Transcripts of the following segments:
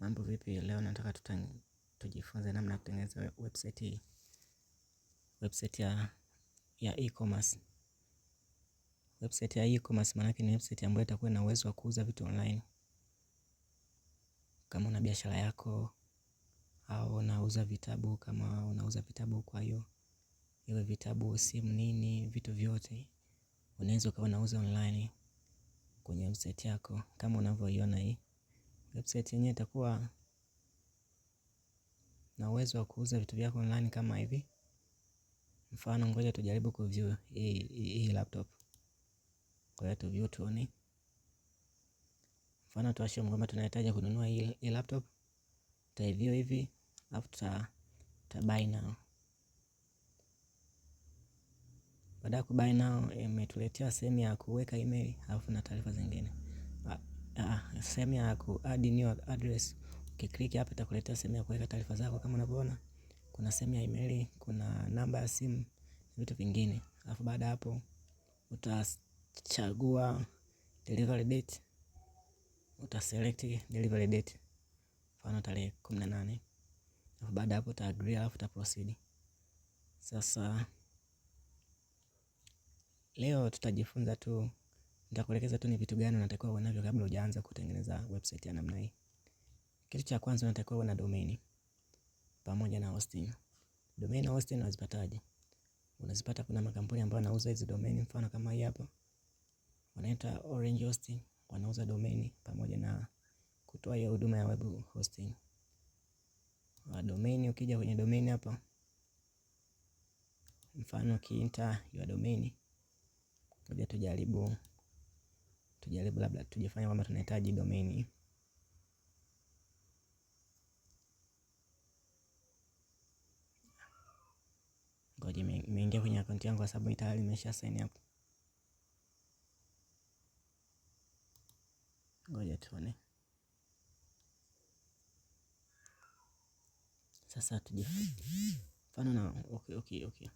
Mambo vipi? Leo nataka tujifunze namna ya kutengeneza website, website ya ya e-commerce. Website ya e-commerce maana ni website ambayo itakuwa na uwezo wa kuuza vitu online. Kama una biashara yako au unauza vitabu, kama unauza vitabu, kwa hiyo iwe vitabu, simu, nini, vitu vyote unaweza ukawa unauza online kwenye website yako kama unavyoiona hii website yenyewe itakuwa na uwezo wa kuuza vitu vyako online kama hivi. Mfano, ngoja tujaribu kuview hii laptop. Ngoja tuview tuone. Mfano tuwashe kwamba tunahitaji kununua hii laptop, tutaview hivi alafu tuta buy now. Baada ya buy now, imetuletea sehemu ya kuweka email alafu na taarifa zingine. Ah, sehemu ya ku add new address. Ukiklik hapa itakuletea sehemu ya kuweka taarifa zako kama unavyoona. Kuna sehemu ya email, kuna namba ya simu na vitu vingine. Alafu baada hapo utachagua delivery date. Utaselect delivery date. Mfano tarehe 18. Alafu baada hapo uta agree alafu uta proceed. Sasa leo tutajifunza tu Nitakuelekeza tu ni vitu gani unatakiwa uwe navyo kabla hujaanza kutengeneza website ya namna hii. Kitu cha kwanza unatakiwa uwe na domain pamoja na hosting. Domain na hosting unazipataje? Unazipata, kuna makampuni ambayo yanauza hizi domain, mfano kama hii hapa wanaita Orange Hosting, wanauza domain pamoja na kutoa hiyo huduma ya web hosting. Wa ah, domain, ukija kwenye domain hapa, mfano kiinta ya domain, ngoja tujaribu tujaribu labda tujifanya kwamba tunahitaji domain ngoja imeingia kwenye akaunti yangu kwa sababu tayari nimesha sign up. Ngoja tuone sasa, tuje mfano na okay, okay, okay.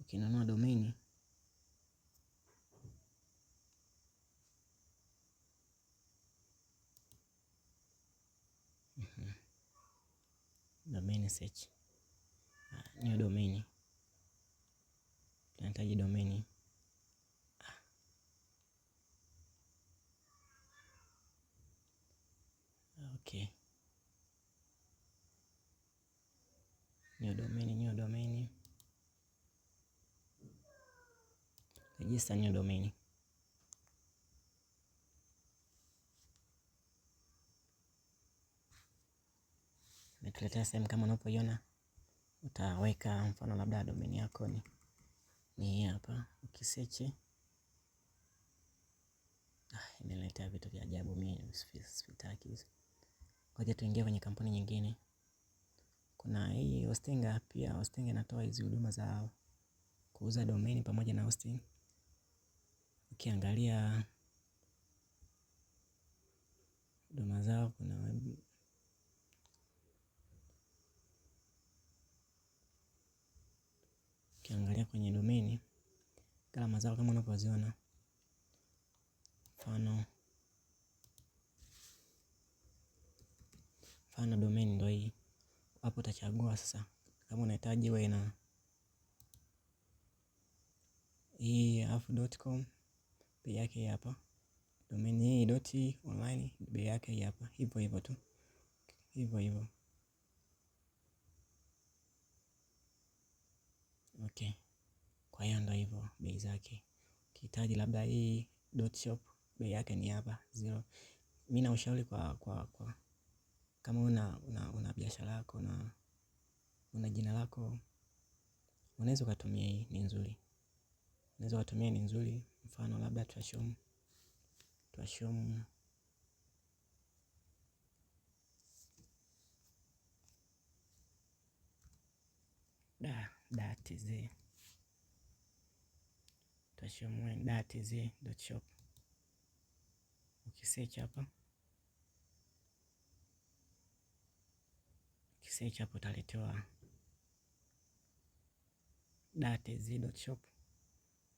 Ukinunua domain message niyo ah, domeni, tunahitaji domeni ah. okay, niyo domeni, niyo domeni, register niyo domeni itakuletea sehemu kama unapoiona, utaweka mfano labda domain yako ni ni hapa, ukisechi ah, imeletea vitu vya ajabu, mimi sivitaki hizo. Ngoja tuingie kwenye kampuni nyingine. Kuna hii Hostinga pia. Hostinga inatoa hizi huduma za kuuza domain pamoja na hosting. Ukiangalia huduma zao kuna Ukiangalia kwenye domeni, gharama zao kama unavyoziona, mfano mfano domain ndio hii hapo. Utachagua sasa kama unahitaji iwe na hii alafu bei yake hapa. Domain hii dot online, bei yake hapa, hivyo hivyo tu, hivyo hivyo. Okay. Kwa hiyo ndo hivo bei zake. Ukihitaji labda hii dot shop bei yake ni hapa zero. Mi na ushauri kwa kwa kwa kama una una una biashara yako na una jina lako unaweza ukatumia hii ni nzuri. unaweza ukatumia ni nzuri mfano labda twashomu twashomu daatz utashiwa ukisearch hapa ukisearch hapa utaletewa daatz.shop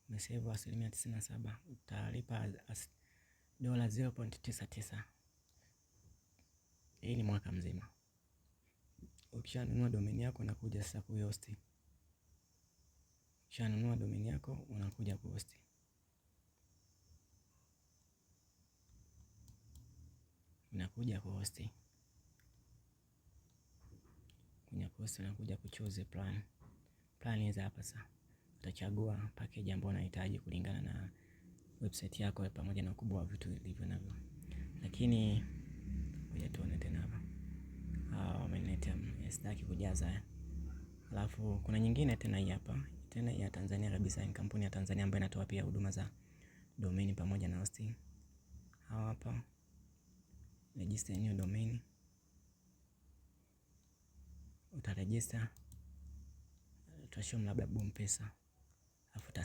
umesevu asilimia tisini na saba utalipa dola 0.99 hii ni mwaka mzima ukishanunua domeni yako nakuja sasa kuhosti Ukishanunua domain yako unakuja kuhosti. Unakuja kuhosti. Kwenye kuhosti unakuja kuchoose plan. Plan hizi hapa sasa. Utachagua package ambayo unahitaji kulingana na website yako pamoja na ukubwa wa vitu vilivyo navyo. Lakini ngoja tuone tena hapa. Ah, wameniletea sitaki kujaza. Alafu kuna nyingine tena hii hapa tena ya Tanzania kabisa, ni kampuni ya Tanzania ambayo inatoa pia huduma za domain pamoja na hosting. Hawa hapa register new domain, utarejista utashow labda Bompesa, afu uta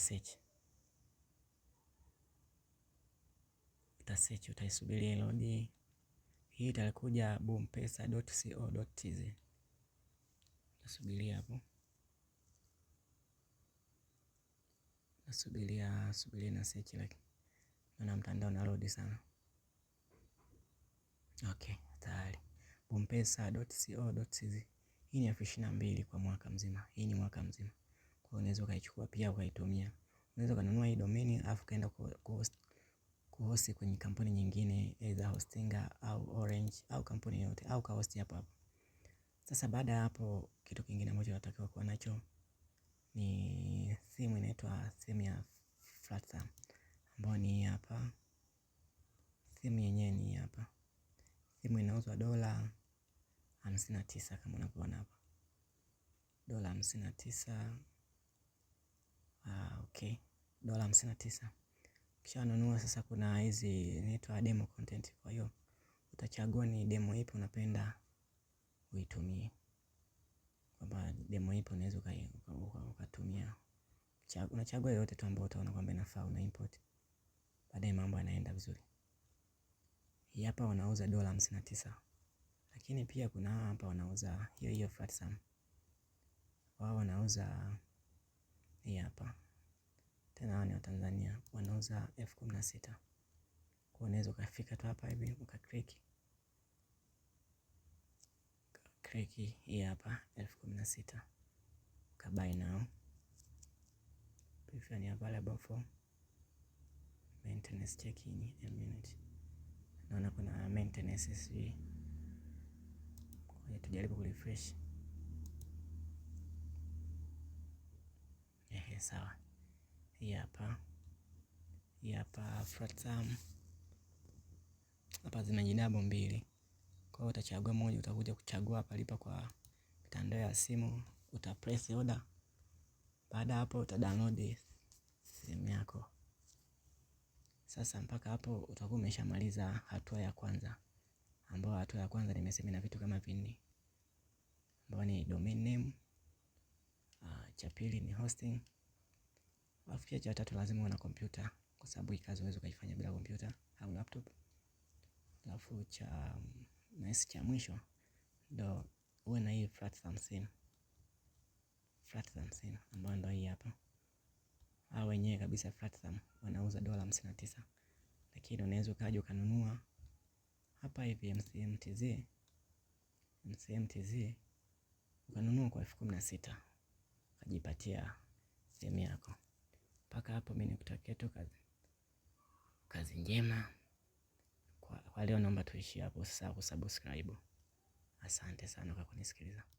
search utaisubiri load hii itakuja boompesa.co.tz, utasubiria hapo. Subiria, subiria na sechi, lakini Naona mtandao unarodi sana. Okay, tayari. Bompesa.co.tz. Hii ni elfu ishirini na mbili kwa mwaka mzima. Hii ni mwaka mzima. Kwa hiyo unaweza ukaichukua pia ukaitumia. Unaweza ukanunua hii domain alafu kaenda kuhosti kwenye kampuni nyingine either Hostinga au Orange au kampuni yoyote au kahosti hapo hapo. Sasa baada ya hapo kitu kingine ambacho unatakiwa kuwa nacho ni sehemu inaitwa sehemu ya Flatsa ambayo ni hapa. Sehemu yenyewe ni hapa. Sehemu inauzwa dola hamsini na tisa kama unavyoona hapa, dola hamsini na tisa. Ah, okay, dola hamsini na tisa. Ukishanunua sasa, kuna hizi inaitwa demo content, kwa hiyo utachagua ni demo ipi unapenda uitumie, kwamba demo ipi unaweza ukatumia unachagua yoyote tu ambayo utaona kwamba inafaa una import. Baadaye mambo yanaenda vizuri. Hii hapa wanauza dola hamsini na tisa. Lakini pia kuna hapa wanauza hiyo hiyo flat Wao wanauza hii hapa. Tena hawa ni wa Tanzania wanauza elfu kumi na sita. Kwa unaweza ukafika tu hapa hivi ukakliki kliki hii hapa elfu kumi na sita. ukabai nao Patreon available for maintenance checking and minute. Naona kuna maintenance sijui, ngoja tujaribu kurefresh. Ehe, sawa. Hii hapa hii hapa fratam hapa zina jidabo mbili, kwa hiyo utachagua moja, utakuja kuchagua palipa kwa mitandao ya simu, utapress order. Baada hapo uta download simu yako. Sasa mpaka hapo utakuwa umeshamaliza hatua ya kwanza, ambayo hatua ya kwanza nimesema na vitu kama vinne, ambayo ni domain name, uh, cha pili ni hosting, alafu pia cha tatu lazima una kompyuta, kwa sababu hii kazi huwezi kuifanya bila kompyuta au laptop. Alafu cha mm, nahisi cha mwisho ndo uwe na hii platform simu flat tham ambayo ndio hii hapa. Hao wenyewe kabisa flat tham wanauza dola hamsini na tisa, lakini unaweza ukaja ukanunua hapa hivi MCMTZ MCMTZ ukanunua kwa elfu kumi na sita ukajipatia sehemu yako. Mpaka hapo mimi nikutakia tu kazi, kazi njema kwa, kwa leo naomba tuishie hapo. sasa, kusubscribe. Asante sana kwa kunisikiliza.